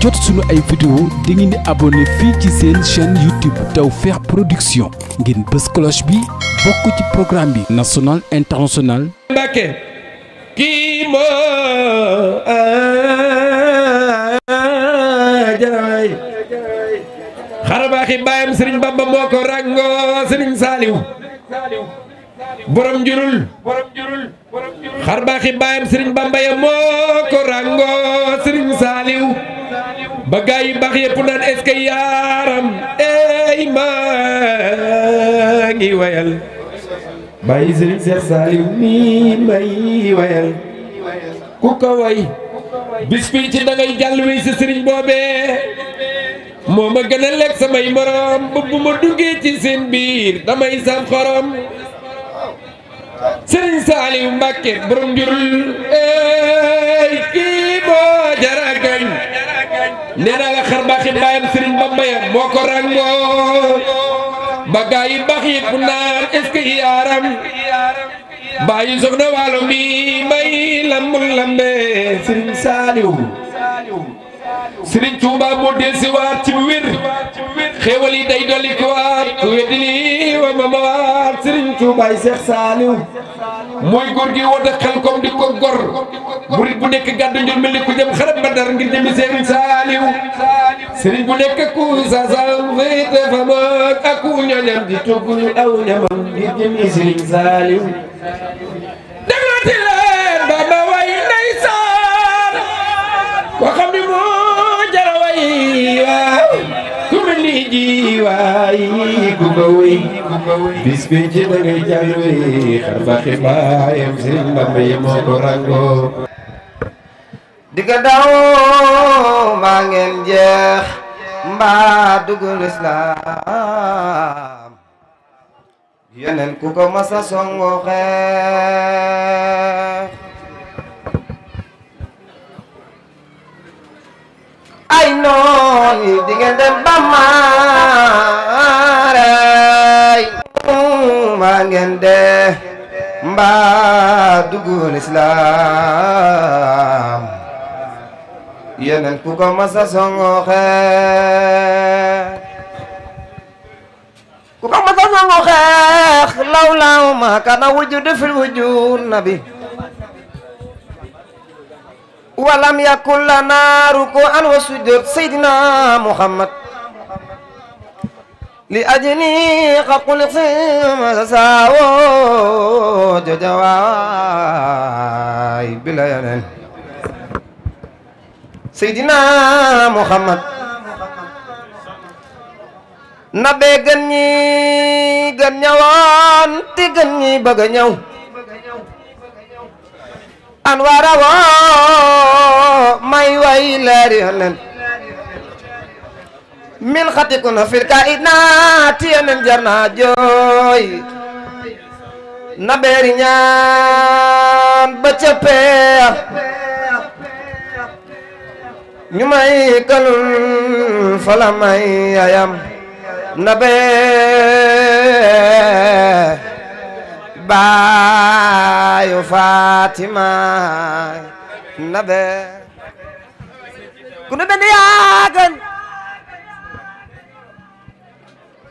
jot suñu ay vidéo da ngeen di fii ci seen chaîne YouTube Tawfekh Production ngeen bës cloche bi bokk ci programme bi national international Mbàkke kii moo jaraay xarabaaxi sëriñ Bamba moo ko borom njurul xarbaaxi baayam sëriñ Bamba ya moo ko ràngoo sëriñ Saaliw ba gaa yi baax yépp naan est-ce que yaaram maa ngi wayal bàyyi Serigne Cheikh Saliou mii may wayal ku ko way bis bii ci da ngay jàll wi si Serigne boobee moo ma gën a lekk samay moroom ba bu ma duggee ci seen biir damay sam xorom Serigne Saliou Mbacke kii moo jara nee naa la xar baaxit baayam sëriñ ba mbayam moo ko ràngoo ba gaa yi baax yi bu naan est waalo mi may lambul lambe Saaliw Sëriñ Tuuba moo dellusiwaat ci wér xéewal yi day dolli ko waat weddi lii wa ma ma waat Tuuba yi Seex Saaliw mooy góor gi woote xel kom di ko gor murit bu nekk gàddu njur mel ni ku jëm xarab ba dara ngir jëmi Sëriñ Saaliw sëriñ bu nekk ku sa sam féete fa mag ak ku ñoñam di tugg aw ñamam ngir jëmi Sëriñ Saaliw way kurli ji way ku ko bis bi ci dangay jàll wi xar baxi baayam si ndam yi moo ko rangoo digga daw maa ngeen jeex mbaa dugul islaam yeneen ku ko masa songo ngeen dee mbaa dugul islaam yeneen ku ko masa songo xeex ku ko masa songo xeex law law ma kana wujud fil wujud nabi walam yakun lana ruku an wa sujud sayyidina muhammad لأجلي قد قلق سساو جواي بلا سيدنا محمد nabe gën ñi gën ñëwoon ti gën ñi bëgg a ñëw an wara may way leeri leen min xatikun fil kainaati yenen jar naa jooy na beeri ñaan ba ca ñu may kalul fala may ayam na bee baayu Fatima na bee ku nu benn yaagan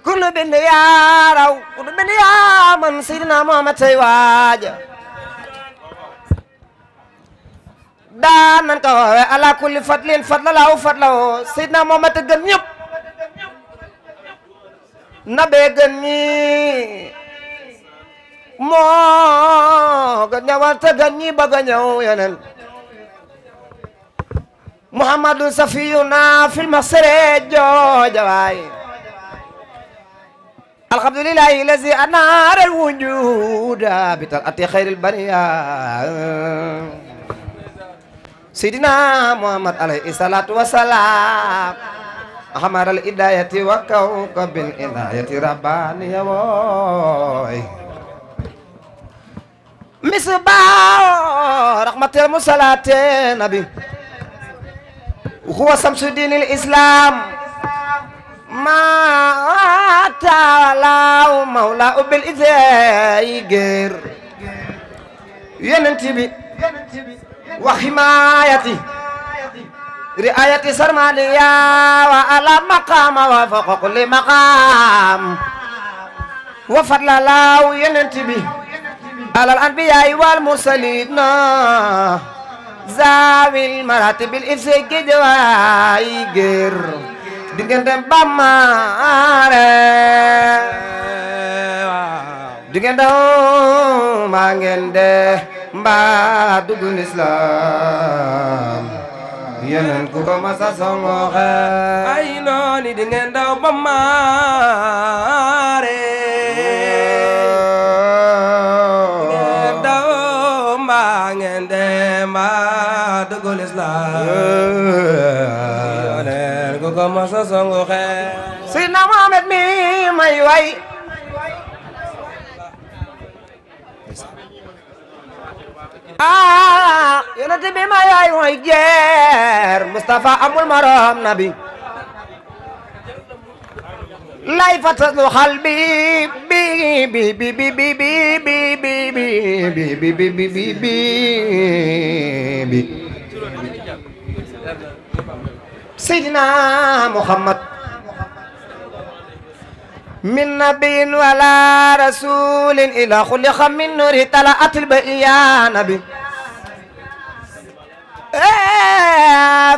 ku lu bind yaa raw ku lu bind yaa man daan nan ko woowe ala kulli fadlin fadla laaw fadla woo Seydina a gën ñëpp nabee gën ñi moo gën ñëwante gën ñi bëgg a ñëw yeneen Muhammadu safiyuna fil masere jooja waay الحمد لله الذي أنار الوجود بطلعة خير البرية سيدنا محمد عليه الصلاة والسلام أحمر الإداية وكوكب الإناية ربانية وي مصباح رحمة المصلاة نبي هو شمس دين الإسلام ما تعالى مولاه بالإزايقر ينتبي وحمايتي رعاية سرمالية وعلى مقام وفوق كل مقام وفضل له ينتبي على الأنبياء والمرسلين زاوي المراتب الإفسي قدوايقر diggante bamaare diggante maa ngeen de mbaa dugul islam yeneen ku ko masa songoxe ay nooni di ngeen daw bamaare masa songu xeer Seydina Muhammad mi may way ah yonent bi may way mooy jeer Mustafa amul marom nabi lay fatat lu xal bi bi bi bi bi bi bi bi bi bi bi bi bi bi سيدنا محمد من نبي ولا رسول إلا خلق من نور طلعت البقية نبي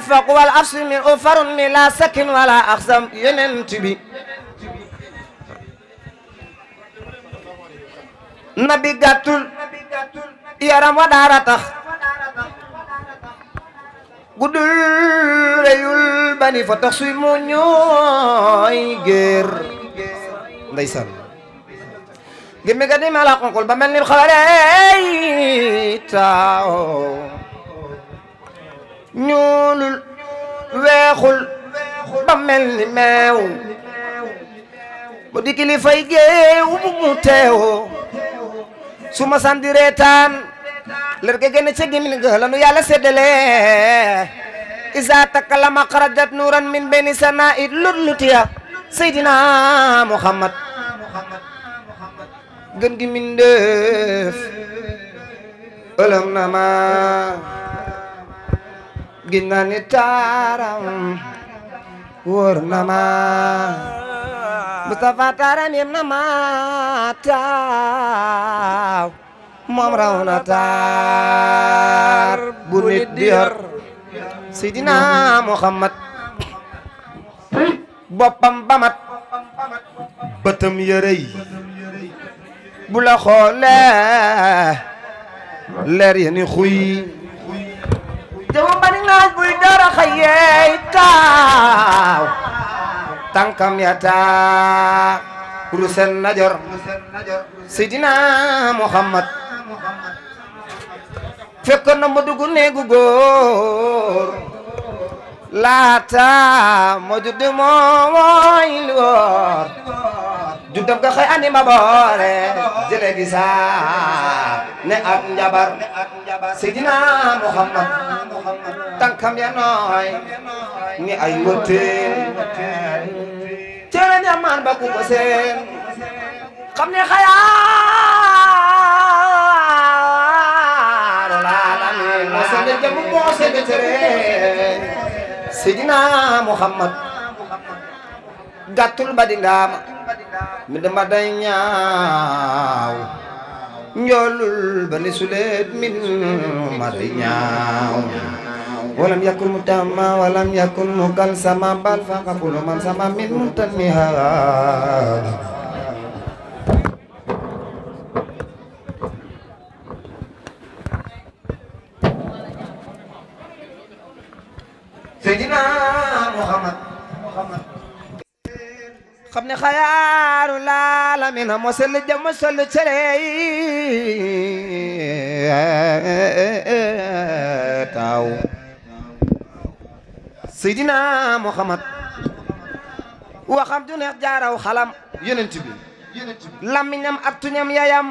فقوى العرش من أفر من لا سكن ولا أخزم يننتبي نبي قتل يرم ودار تخ gudul reyul bani fa tax suy mu ñooy géer ndeysaan ngir mi ga di mala xonkol ba mel ni xaarey taaw ñuulul weexul ba mel ni meew bu di kilifay géew bu mu teew su ma sandi reetaan leer ga génn ca gémmiñ ga lanu yàlla séddale isa takalama xarajat nuuran min benni sana it lut lutiya seydina muhammad gën gi mindeef ëlëm na ma gin na ni taaram wóor na ma Mustafa taaram yem na ma taaw moom raw na taar bu nit di yor sidina muhammad boppam bamat bëtam yërëy bu la xoolee leer ya ni xuy jama bani naaj buy dara xëyeey taaw tànkam ya taa rusen najor sidina muhammad fekkoon na ma dugg néegu góor laata ma judd moom mooy li wóor juddam nga xëy ma boore jële gi ne ak njabar Seydina Muhammad tànkam ya nooy ni ay wëttéen cere ñamaan ba ku ko seen xam ne xayaa bëgg tere Seydina Muhammad gàttul ba di ndaama mi dama day ñaaw njoolul ba ni suleet min ma day walam yakun mu tama walam yakun mu kal sama bal fa ka pulu sama min mu tan mi Seydina Muhammad xam ne xayaaru laalamina moo sell jëm sol cere yi Seydina Muhammad waxam du neex jaaraw xalam yonent bi làmmiñam ak tuñam yayam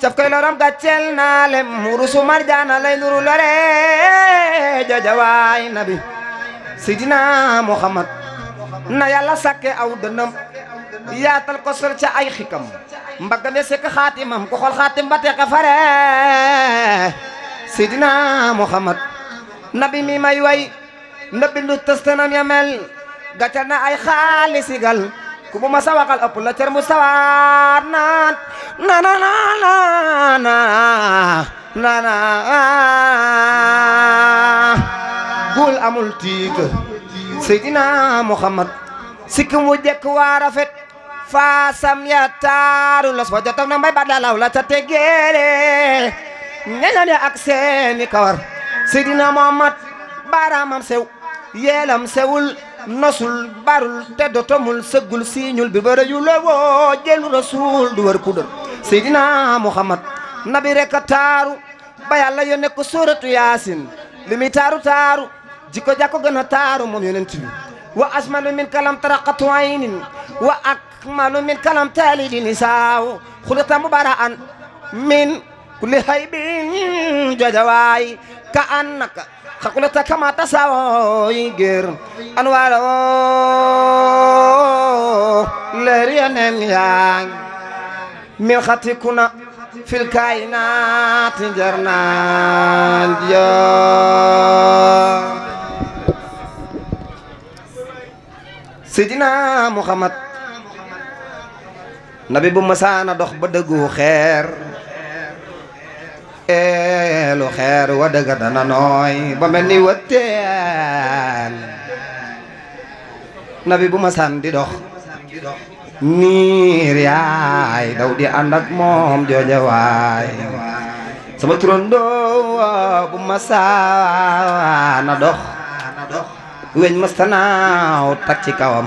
caf koy loram gàcceel naa lem rusu marjaana lay nuru lore jajawaay nabi sidina muhammad na yàlla sàkke aw dënam yaatal ko sol ca ay xikam mbagga sekk xaatimam ku xool xaatim ba teqa sidina muhammad nabi mi may bindu tëstanam ya mel gàcca na ay xaalisigal ku mu ma sawaxal ëpp la cër mu sawaar naan na na na na amul tiit seydina muhammad sikkim wu jekk waa rafet faasam ya taaru los fa jotam na mbay badalaw la ca teggeele ñañan ya ak seeni kawar seydina muhammad baaraamam sew yeelam sewul nosul barul te dotomul sëggul siiñul bi bara yu la woo jëlu rasul du wër kudër seydina muhammad nabi rek a taaru ba yàlla yónnee suuratu yaasin li taaru taaru jikko jàkko gën a taaru moom yonent bi wa asmanu min kalam taraqatu aynin wa akmalu min kalam taali di nisaaw xulata mubaraan min kulli haybin jojawaay ka annaka xakulata kama tasawooy ngir anwaaroo leer yeneen yaa min xatikuna fil kaayinaati njarnaal yaa sidina Muhammad nabi bu masaana dox ba dëggu xeer lu wa dëgg dana nooy ba mel ni wëtteel nabi bu masan di dox niir yaay daw di ànd moom jooja waay sama turandoo bu ma saana dox weñ mastanaaw tak ci kawam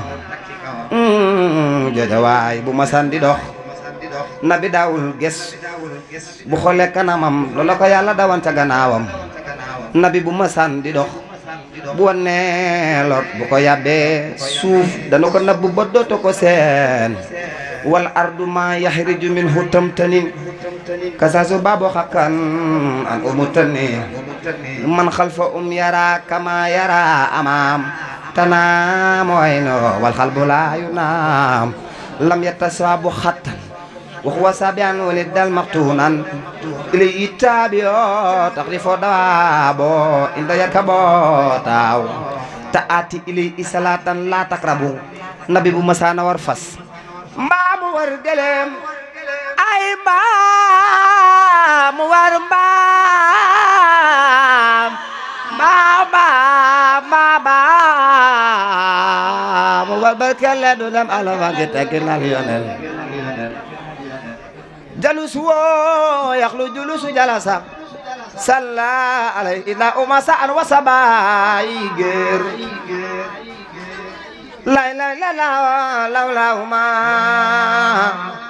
mm, jooja waay bu masan di dox nabi daawul ges bu xoolee kanamam loola ko yàlla dawan ca gannaawam nabi bu masan di dox bu wonee lor bu ko yàbbee suuf dana ko nabb ba dooto ko seen wal ardu ma yahriju minhu tamtanin kasaasu baabo xakkan an umu tani man xalfa um yara kama yara amaam tanaam wayno wal xalbu laayu naam lam yatta saabu xattan وهو سابع ولد المقتونا إلي التابع تغرف دوابو إن يركبو تاو تأتي إلي صلاة لا تقربو نبي بمسانا ورفس مام ورقلم أي مام ورمام ماما ماما وربكلا دولم ألوان تكنا ليونل سوى يخلو جلوس جلسا صلى عليه إلا أمساء وصبايقر لا لا لا لا لولا هما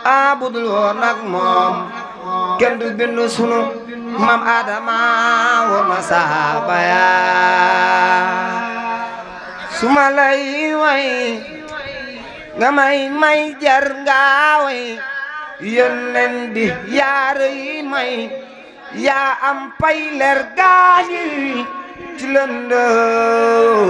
أعبد الورنك موم kenn du bindu sunu maam Adama wa ma saaba ya suma lay way nga may may jar nga way yónneen bi yaara may yaa am pay leer gaañi ci lëndëm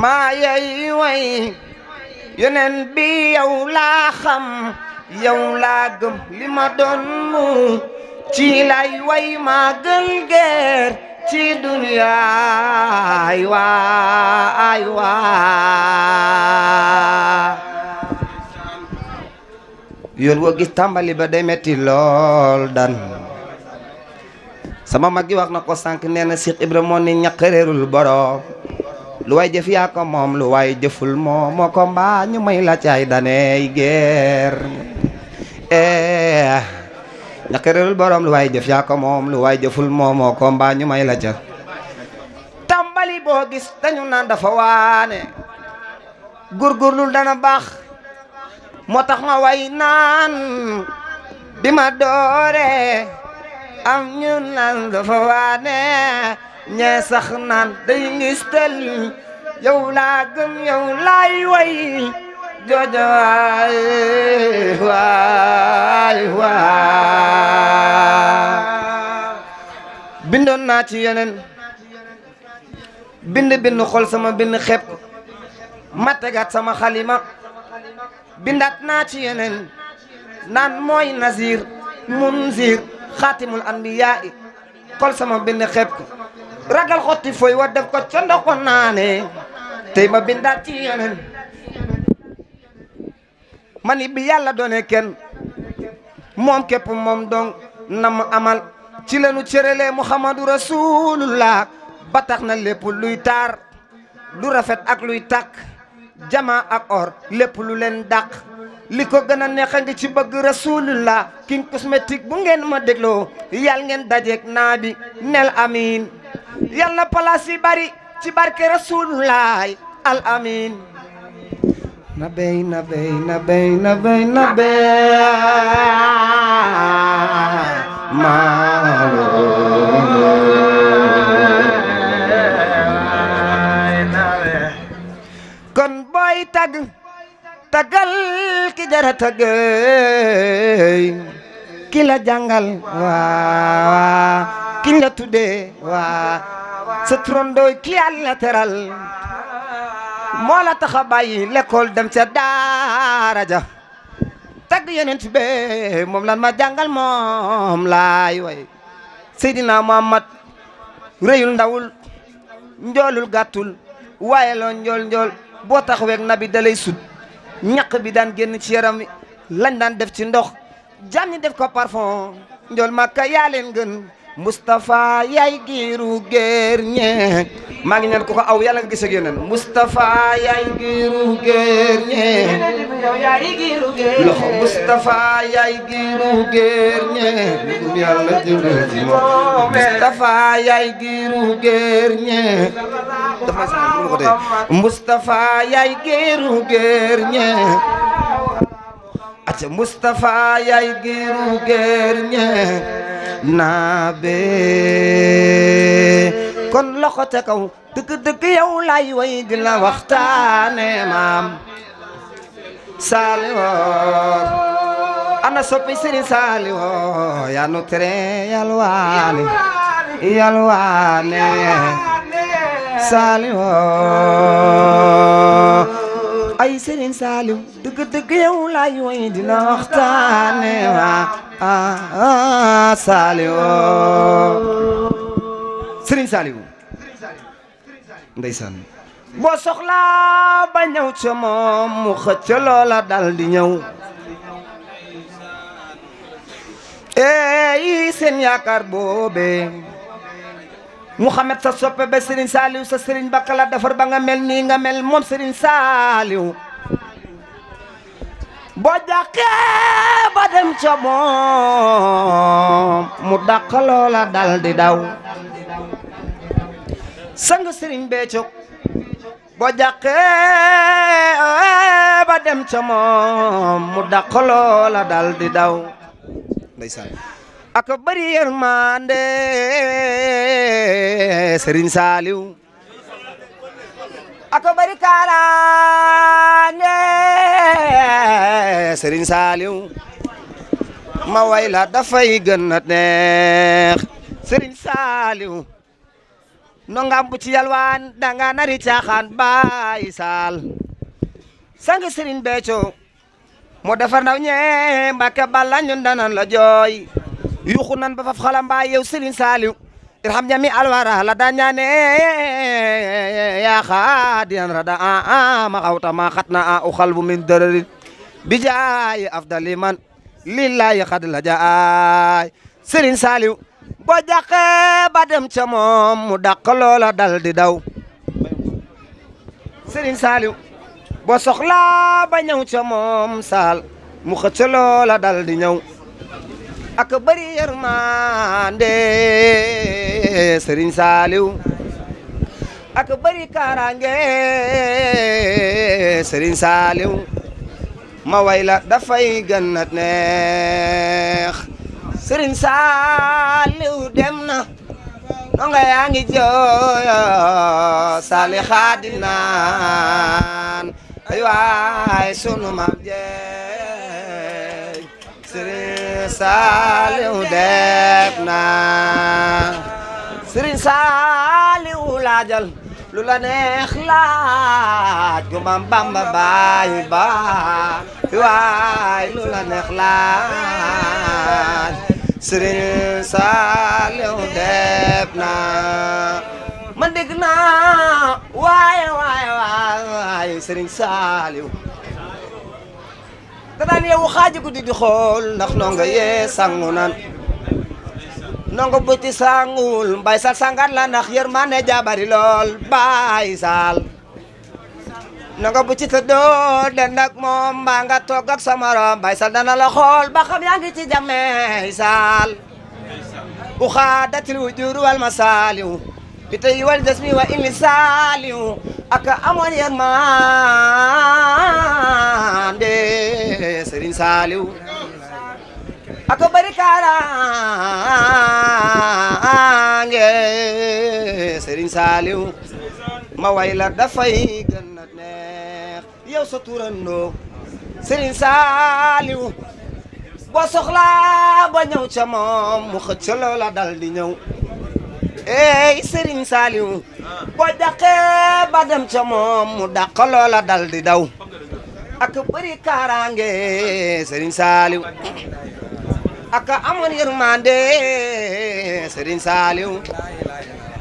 maa yey way yónneen bi yow laa xam yow laa gëm li ma ci lay way maa gën geer ci dunya aywa aywa yoon woo gis tàmbali ba day metti lool dan sama mag yi wax na ko sànq nee na Cheikh ni ñaq borom lu waay jëf yaa ko moom lu waay jëful moom moo ko mbaa may la caay daney geer eh. nga xëralul borom lu waay jëf yaa ko moom lu waay jëful moomoo ko mbaa ñu may la tàmbali boo gis dañu naan dafa waane gurgurlul dana baax moo tax ma way naan ma doore am ñu naan dafa waane ñee sax naan day ngis tel laa gëm yow laay way joojo waay waay naa ci yeneen bind bind xool sama bind xeeb ko ma tegaat sama xalima bindaat naa ci yeneen naan mooy nazir munzir xaatimul anbiyaa xool sama bind xeeb ko ragal xotti fooy def ko ca ndox ko naane tey ma bindaat yeneen man it bi yàlla doone kenn moom képp moom dong na amal ci lañu cëralee muhammadu rasulullah ba tax na lépp luy taar lu rafet ak luy takk jama ak or lépp lu leen dàq li ko gën a neex ci bëgg rasulullah king cosmétique bu ngeen ma dégloo yàlla ngeen dajeek naa nel amin yàlla na palaas yi bari ci barke rasulullah al amin na béy na béy na Aminata Gueye ki la jàngal la tuddee waa sa turandooy ki Yàlla teral moo la tax a bàyyi l'école dem ca daara tagg yonent be moom lan ma jàngal moom laay way Seydina Muhammad rëyul ndawul njoolul gàttul waaye loo njool njool boo taxaweeg nabi dalay ñaq bi daan génn ci yaram wi lañ daan def ci ndox jàmm ñi def ko parfum njool màkka yaa leen gën Moustapha yaay giiru géer ñee maa ngi ñaan ko aw yàlla nga gis ak yeneen Moustapha yaay giiru géer ñee loxo Moustapha giiru géer ñee yàlla jëlee giiru géer ñee dafa sax mu giiru géer ñee naabe kon loxo ca kaw dëgg dëgg yow lay way di waxtaane maam saaliwoor ana soppi sëriñ saaliwoor yaa nu tere yalwaane yalwaane saaliwoor ay Serigne Saliou dëgg dëgg yow laay woy waxtaane waa Saliou Serigne Saliou ndeysaan boo soxlaa ba ñëw ca moom mu xëcc loola eey seen yaakaar boobee Mouhamed sa soppe ba Serigne Saliou sa Serigne Bakala defar ba nga mel nii nga mel moom Serigne Saliou boo jàqee ba dem ca mu dàq loola dal di daw sang boo jàqee ba dem ca daw ak bëri yërmande Serigne Saliou ak bëri kaaraange Serigne Saliou ma way dafay gën a neex Serigne Saliou no bu ci yalwaan danga nari caaxaan baay saal sang Serigne Béthio mo defar ndaw ñe Mbàkke bala danan la jooy yuxu nan ba faf xalamba yow Serigne Saliou irham jami alwara la da ñaane ya khadian rada a ma xawta ma xatna a u xalbu min dararin bi jaay afdali man lillahi xad la jaay Serigne Saliou bo jaqe ba dem ca moom mu dàq loola dal di daw Serigne Saliou bo soxla ba ñëw ca saal mu xëcc loola dal di ñëw ak bëri yërmande Serigne Saliou ak bëri kaaraange Serigne Saliou ma way dafay gën a neex Serigne Saliou dem na nonga yaa ngi jooyo Sali Xaadim ay waay sunu maam jee Serigne Saliou def naa Serigne Saliou laajal lu la neex gu Maam Bamba baay ba waay lu la neex laaj Serigne Saliou def man dégg naa waaye waaye waaye Serigne Saliou danaan yeewu xaaji guddi di xool ndax ndongo yee sangu nan ndongo bu sangul mbay sangat la ndax yërmande jabari lool baay sal ndongo bu ci tëddoo moom mbaa nga toog ak sa morom mbay sal dana la xool ba xam yaa ngi ci jameey sal uxaadatil bi tey wal jasmi wa illi saalihu aka amoon yërmande Serigne Saliou aka bari kaaraange Serigne ma way la dafay gën a neex yow sa turandoo Serigne Saliou boo soxlaa ba ñëw ca moom mu xëcc loola dal eey Serigne Saliou boo daqee ba dem ca moom mu dàq loola dal di daw ak bëri kaaraange Serigne Saliou ak amoon yërmande Serigne Saliou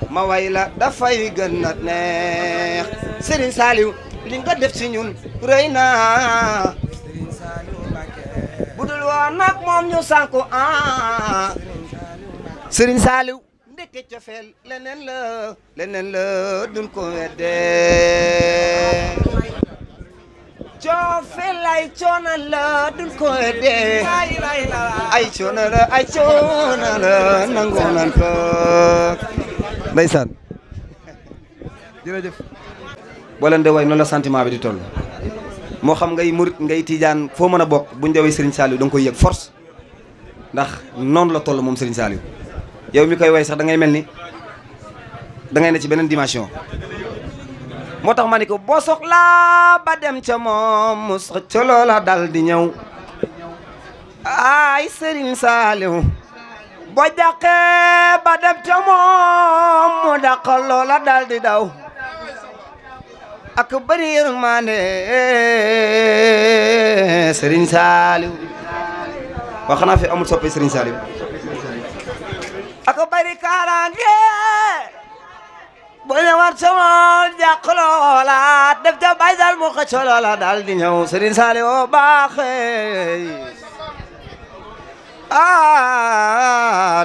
ma way la dafay gën a neex Serigne Saliou li nga def ci ñun rëy na budul woon nag moom ñu sànku ah Serigne Saliou dëkke cofeel la leneen la ay coona la duñ ko wedde ay coona la ay coona la jërëjëf boo leen de la sentiment bi di toll moo xam ngay murit ngay tiijaan foo mën a bokk buñ dewee Serigne Saliou da nga koy yëg force ndax noonu la toll moom Serigne Saliou yow mi koy way sax da mel ni da ne ci beneen dimension moo tax ma ni ko boo soxlaa ba dem ca moom sax ca loola dal di ñëw ay Serigne Saliou boo jàqee ba dem ca mu dàqal loola dal di daw ak bëri yërmande Serigne Saliou wax naa fi amul soppe Serigne Saliou ko bari kaaraange bu ñëwaat sama jàq loola def ca bay dal mu xëcc loola daal ñëw Serigne Saliou baaxee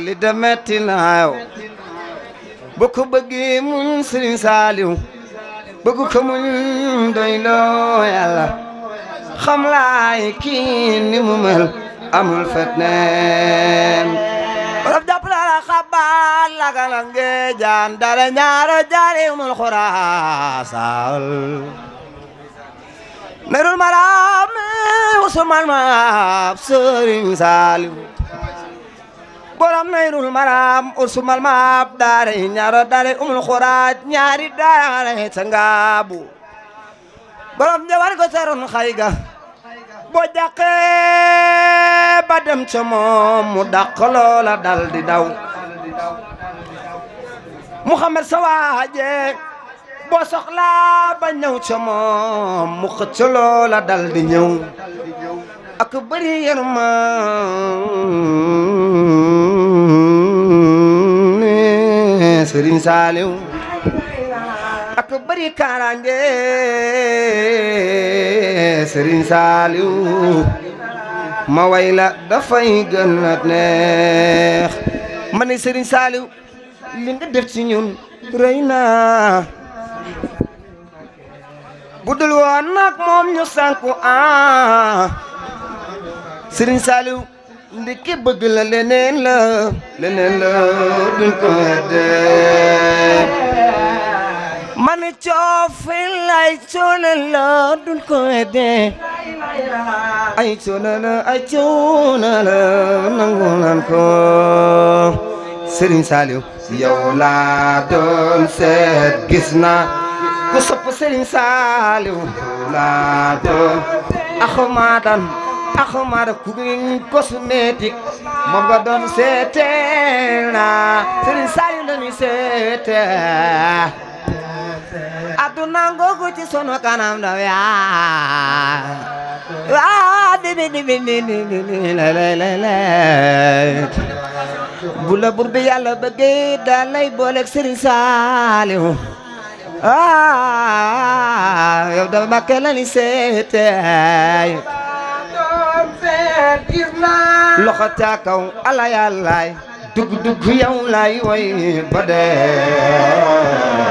li de metti na yow bu ko bëggee muñ Serigne Saliou doy loo yàlla xam laay kii ni mu mel amul fetneen borom jàppalala xabaar lakalang jaan dara ñaaro jaari umul xuraasal merul maraam usuman maab sëriñ saaliw borom merul maraam usuman maab daara ñaaro daara umul xuraat ñaari daara ca ngaabu borom jawar ko sarun ko jàqee ba dem ca moom mu dàq loola dal di daw Muhammad sa waaje boo soxlaa ba ñëw ca moom mu xëcc loola dal di ñëw ak bëri yërmande Sëriñ Saaliw ak bari kaaraange Serigne Saliou ma way la dafay gën a neex ma ne li nga def ñun rëy na bu dul woon moom ñu sànku ah Serigne Saliou ndeke bëgg la leneen la leneen la duñ ko dee man coofin ay coono la dul ko dee ay coono ay coono la nangu nan ko Serigne Saliou yow seet gis naa ku sopp Serigne Saliou yow laa doon axamaadan axamaada kugiñ cosmétique moom nga doon seete naa Serigne Saliou aduna ngoogu ci sunu kanam daw yaa waa dibi dibi dibi la la la la bu la bur bi yàlla bëggee daal lay booleeg Serigne Saliou ah yow dama ma kele ni seetee loxo kaw ala yàllaay dugg dugg yow laay woy ba dee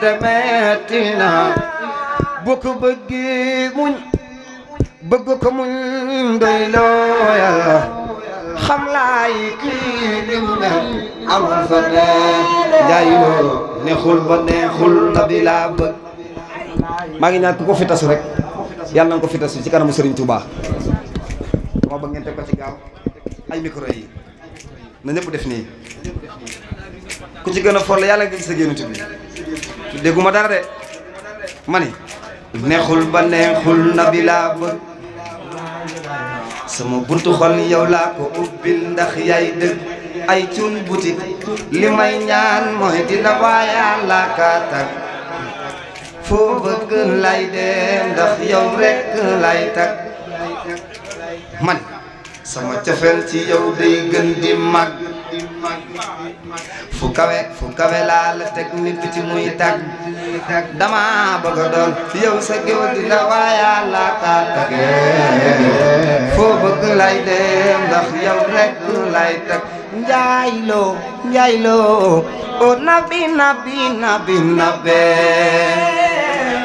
de metti na boo ko bëggee muñ bëgg ko muñ doy loo xam laay kii li mu mel amul fa ne jaayoo neexul ba neexul na bi laa bëgg maa ngi ñaan ku ko fi tasu rek yàlla na ko fi tasu ci kanamu Serigne Touba dama bëgg ngeen teg ci gaaw ay micro yi na ñëpp def nii ku ci gën a for yàlla nga gis sa génn bi te dégguma dara de ma ni neexul ba neexul nabi laa bëgg sama buntu xol yow laa ko ubbil ndax yaay dëgg ay cun butik li may ñaan mooy dina waayaan laa kaa tag foo bëgg lay dee ndax yow rekk lay tag man sama cofeel ci yow day gën di màgg fu kawe fu kawe laa la teg nit ci muy tag dama bëgg a doon yow sa géew dina laa ka tage foo bëgg lay dem ndax yow rek lay tag njaay loo njaay loo o oh nabi nabi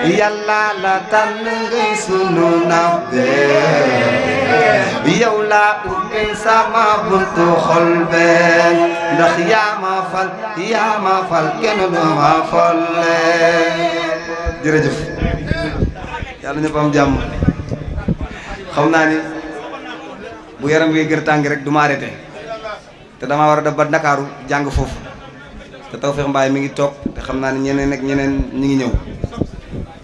yàlla la tànn ngay sunu nawbee yow laa ubbi sama buntu xol bee ndax yaa ma fal yaa ma fal kenn du ma follee jërëjëf yàlla ñëpp am jàmm xam naa ni bu yaram wi gër tàng rek du ma arrêté te dama war a def ba Ndakaaru jàng foofu te Tawfekh Mbaye mi ngi toog te xam naa ne ñeneen ak ñeneen ñi ngi ñëw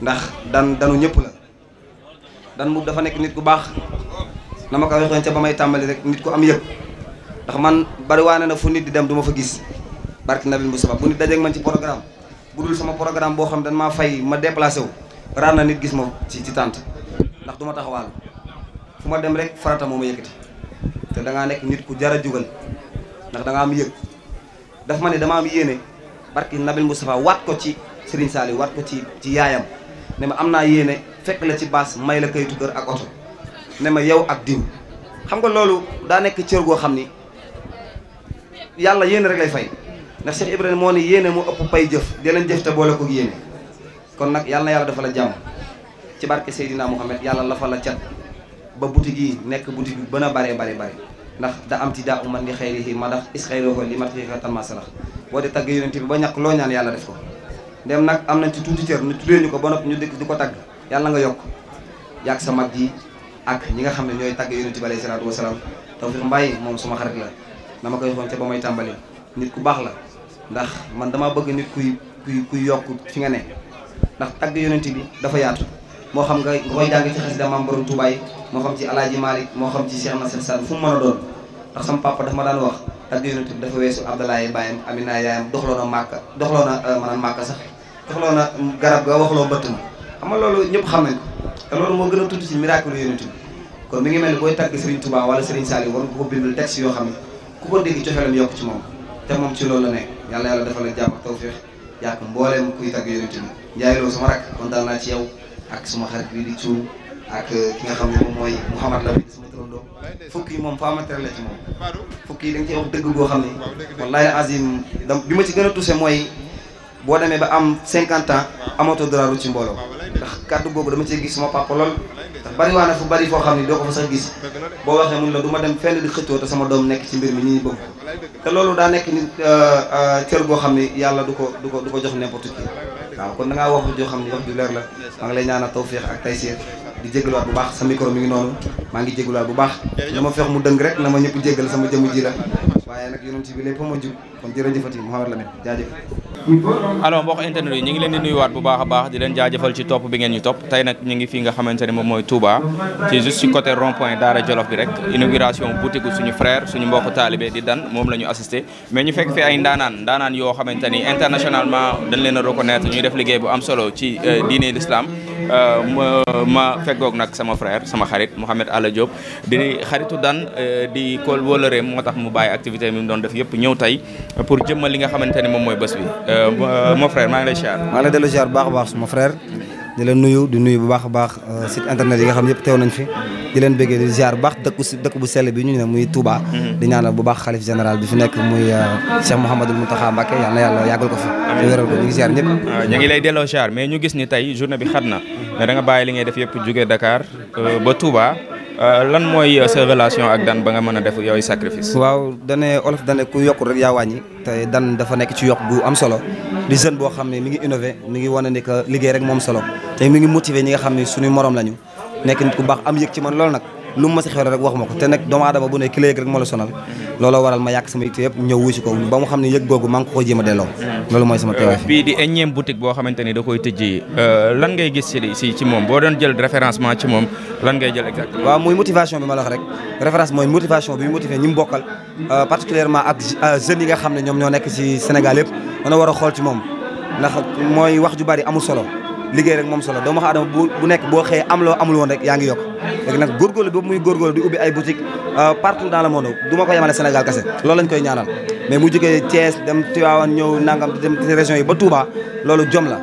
ndax dan danu ñëpp la dan mu dafa nekk nit ku baax na ma ko waxoon ca ba may tàmbali rek nit ku am yëg ndax man bariwaane na fu nit di dem duma fa gis barki nabil Mustafa bu nit dajeeg man ci programme bu dul sama programme boo xam ne dan maa fay ma déplacé wu raar na nit gis ma ci ci tànt ndax du ma taxawaalu fu ma dem rek farata moo ma yëkkati te dangaa nekk nit ku jar a jógal ndax da am yëg daf ma ni dama am yéene barki nabil Mustafa waat ko ci Serigne Saliou waat ko ci ci yaayam ne ma am naa yéene fekk la ci baas may la kayitu kër ak oto ne ma yow ak diw xam nga loolu daa nekk cër goo xam ni yàlla yéene rek lay fay ndax Cheikh Ibrahima moo ne yéene mu ëpp pay jëf di leen jëf te boole koog yéene kon nag yàlla na yàlla dafa la jàmm ci barke Seydina Mouhamed yàlla la fa la cat ba boutique yi nekk boutique bi bën a baree bare bare ndax da am ti daa uman li xëyri yi ma dax is xëyroo li mat xii xatanma salax boo di tagg yonente bi ba ñàkk loo ñaan yàlla def dem nag am nañ ci tuuti cër ñu tuddee ñu ko ba noppi ñu dëkk di ko tagg yàlla nga yokk yàgg sa mag ji ak ñi nga xam ne ñooy tagg yonent bi alayhi salaatu wasalaam Tawfekh Mbaye moom suma xarit la na ma koy ba may tàmbali nit ku baax la ndax man dama bëgg nit kuy kuy yokk fi nga ne ndax tagg yonent bi dafa yaatu moo xam nga nga koy jàng ci xasida maam borom Tuubaa yi moo xam ci alaaji Malick moo xam ci Cheikh Nasir Sall fu mu mën a doon ndax sama papa dafa ma daan wax tagg yonent bi dafa weesu Abdalaaye baayam Amina yaayam doxloo na Màkka doxloo na a euh, Màkka sax joxloo a garab ga waxloo mbëtt ma xam nga loolu ñëpp xam nañ ko te loolu moo gën a tudd ci miracle yonent bi kon mi ngi mel ni booy tàgg Serigne Touba wala Serigne Saliou war nga ko bindal texte yoo xam ne ku ko dégg coxeelam yokk ci moom te moom ci loolu la nekk yàlla yàlla defal la jàmm ak tawféex yàq mbooleem kuy tàgg yonent bi Ndiaye Lo sama rakk kontaan naa ci yow ak suma xarit bi di euh, moom mooy Mouhamad ci da nga ci wax dëgg goo xam ne wallaahi azim bi ma ci gën a touché mooy boo demee ba am 50 ans amatoo droit ci mbooloo ndax kàddu googu dama cee gis sama papa lool ndax bari na fu bari foo xam ne doo ko fa sax gis boo waxee mun la du ma dem fenn di xëccoo te sama doom nekk ci mbir mi ñi ñu bëgg te loolu daa nekk nit euh, euh, cër goo xam ne yàlla du ko du ko du ko jox n'importe qui waaw kon da ngaa wax joo xam ne wax ju leer la maa ngi lay ñaanal tawféex ak taysiir di jégaluwaat bu baax sa micro mi ngi noonu maa ngi jégaluwaat bu baax na ma feex mu dëng rek na ma ñëpp jégal sama jëmu ji la waaye nag yonent bi lépp ma jub kon jërëjëfati Mouhamed internet yi ñu ngi leen di waat bu baax a baax di leen jaajëfal ci topp bi ngeen ñu topp tey nag ñu ngi fii nga xamante ne moom mooy Touba ci juste ci côté rond point Daara Jolof bi rek inauguration boutique suñu frère suñu mbokk taalibee di dan moom lañu ñu mais ñu fekk fi ay ndaanaan ndaanaan yoo xamante ni internationalement dañ leen a reconnaître ñuy def liggéey bu am solo ci euh, diine l'islam Euh, ma ma feggoog nag sama frère sama xarit Mouhamed Alla Diop di xaritu daan euh, di kool wóolëreem moo tax mu bàyyi activité mi mu doon def yëpp ñëw tey pour jëmmal li nga xamante ne moom mooy bés bi euh, mon frère maa ngi lay ziar maa ngi lay dellu baax baax suma frère di leen nuyu di nuyu bu baax a baax euh, site internet yi nga xam yëpp teew nañ fi di leen bëggee di ziar bu baax dëkku si dëkk bu sell bi ñu ne muy Touba. Mhm. di ñaanal bu baax xalif général bi fi nekk muy euh, Cheikh Mouhamadul Mountakha Mbacké yal na yàlla yàggal ko fi te wéral ko ñu ngi ziar ñëpp waaw ah, ngi lay delloo ziar mais ñu gis ni tey journée bi xat na ne mhm. da nga bàyyi li ngay def yëpp jógee dakaar euh, ba Touba Euh, lan mooy euh, sa ak dan ba nga mën a def yooyu sacrifice. waaw dane olof dane ku yokkul rek yaa wàññi te dan dafa nekk ci yokk bu am solo di jeune boo xam ne mi ngi innové mu ngi wane ne que liggéey rek moom solo te mi ngi motivé ñi nga xam ne suñu morom lañu nekk nit ku baax am yëg ci man loolu nag. lu mu ma si xew rek wax ma ko te nag doomu aadama bu ne ki la yëg rek moo la sonal looloo waral ma yàq sama yitte yëpp ñëw wusi ko ba mu xam ne yëg googu maa ngi ko jéem a delloo mm. loolu mooy sama si si euh, euh, moom boo doon jël référencement ci moom lan ngay jël exact waaw muy motivation bi ma la wax rek référence mooy motivation bi motivé ñi mu bokkal euh, particulièrement ak jeunes nga xam ne ñoom ñoo nekk si Sénégal yëpp mën a war a xool ci moom ndax mooy wax ju bari amul solo liggéey rek moom solo doomu aadama bu bu nekk boo xëyee am loo woon rek yaa ngi yokk léegi nag góorgóorlu boobu muy góorgóorlu ubbi ay boutique euh, partout dans le monde du ma ko yemale Sénégal kese loolu lañ koy ñaanal mais mu jógee Thiès dem Tivaouane ñëw nangam di dem région yi ba Touba loolu jom la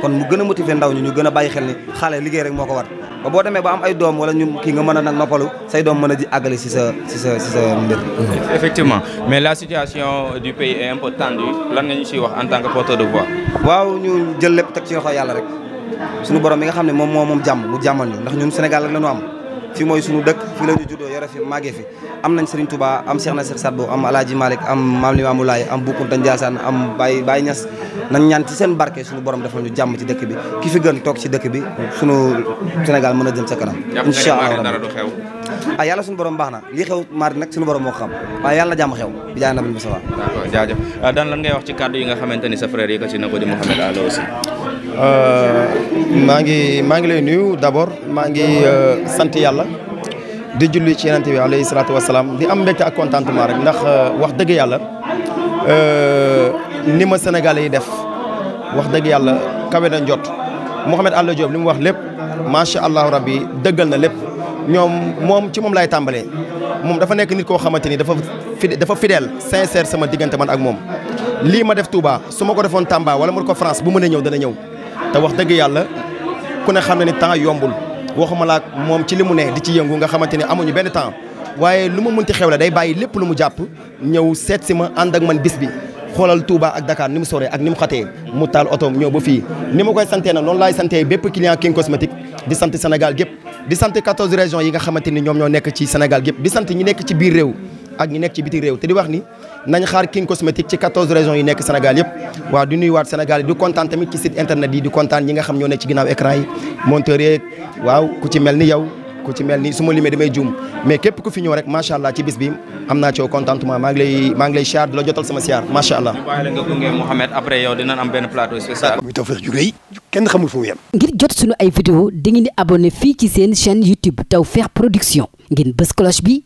kon mu gën a motiver ndaw ñi ñu gën a bàyyi xel ni xale liggéey rek moo ko war ba boo demee ba am ay doom wala ñu kii nga mën a nag noppalu say doom mën a di àggale si sa si sa mhm. effectivement mais la situation du pays lan nga siy wax en tant que porteur de voix waaw ñu jël lépp teg yàlla rek sunu borom bi nga xam ne moom moo moom jàmm mu jàmmal ñu ndax ñun Sénégal rek la ñu am fi mooy suñu dëkk fi la ñu juddoo yore fi màggee fi am nañ Serigne Touba am Cheikh Nassir Sadbou am Alaaji Malick am Maam Limaamu Laay am Boukounta Ndiassane am Baye Baye Niass nañ ñaan ci seen barke suñu borom defal ñu jàmm ci dëkk bi ki fi gën toog ci dëkk bi suñu Sénégal mën a jëm sa kanam incha allah ah yàlla suñu borom baax na li xew maari nag suñu borom moo ko xam waaye yàlla jàmm xew bi jaay na bi mu sawa d'accord ah, ngay wax ci kàddu yi nga xamante ni sa frère na ko di Mouhamed Allo aussi Euh, maa ngi maa ngi lay nuyu d'abord maa ngi euh, sant yàlla di julli ci yenante bi alayhi salaatu wasalaam di am mbégte ak contentement rek ndax euh, wax dëgg yàlla ni ma Sénégalais yi def wax dëgg yàlla kawe na njot Mouhamed Alla Diop li mu wax lépp macha allah rabbi dëggal na lépp ñoom moom ci moom laay tàmbalee moom dafa nekk nit koo xamante ni dafa dafa fidèle sincère sama diggante man ak moom lii ma def Touba su ma ko defoon Tamba wala ma ko France bu mënee ñëw dana ñëw te wax dëgg yàlla ku ne xam ne ni temps yombul waxuma laa moom ci li mu ne di ci yëngu nga xamante ni amuñu benn temps waaye lu ma munti xew la day bàyyi lépp lu mu jàpp ñëw seet si ma ànd ak man bis bi xoolal Touba ak Dakar ni mu soree ak ni mu xatee mu taal otoom ñëw ba fii ni ma koy santee nag noonu laay santee bépp client King Cosmétique di sant Sénégal gépp di sant 14 régions yi nga xamante ni ñoom ñoo nekk ci Sénégal gépp di sant ñi nekk ci biir réew ak nekk ci biti réew te di wax ni nañ xaar King Cosmétique ci 14 régions yi nekk Sénégal yëpp waaw di nuy waat Sénégal di kontaan tamit ci site internet yi di kontaan ñi nga xam ñoo nekk ci ginnaaw écran yi monteur yeeg waaw ku ci mel ni yow ku ci mel ni su ma limee damay juum mais képp ku fi ñëw rek macha allah ci bis bi am naa coow contentement maa ngi maa ngi lay siyaar di la jotal sama siyaar macha allah. waaye la nga gunge Mouhamed après yow dinañ am benn plateau spécial. muy Tawfekh ngir jot ay vidéo dangeen di abonné fii ci seen chaîne YouTube Tawfekh Production ngeen bi.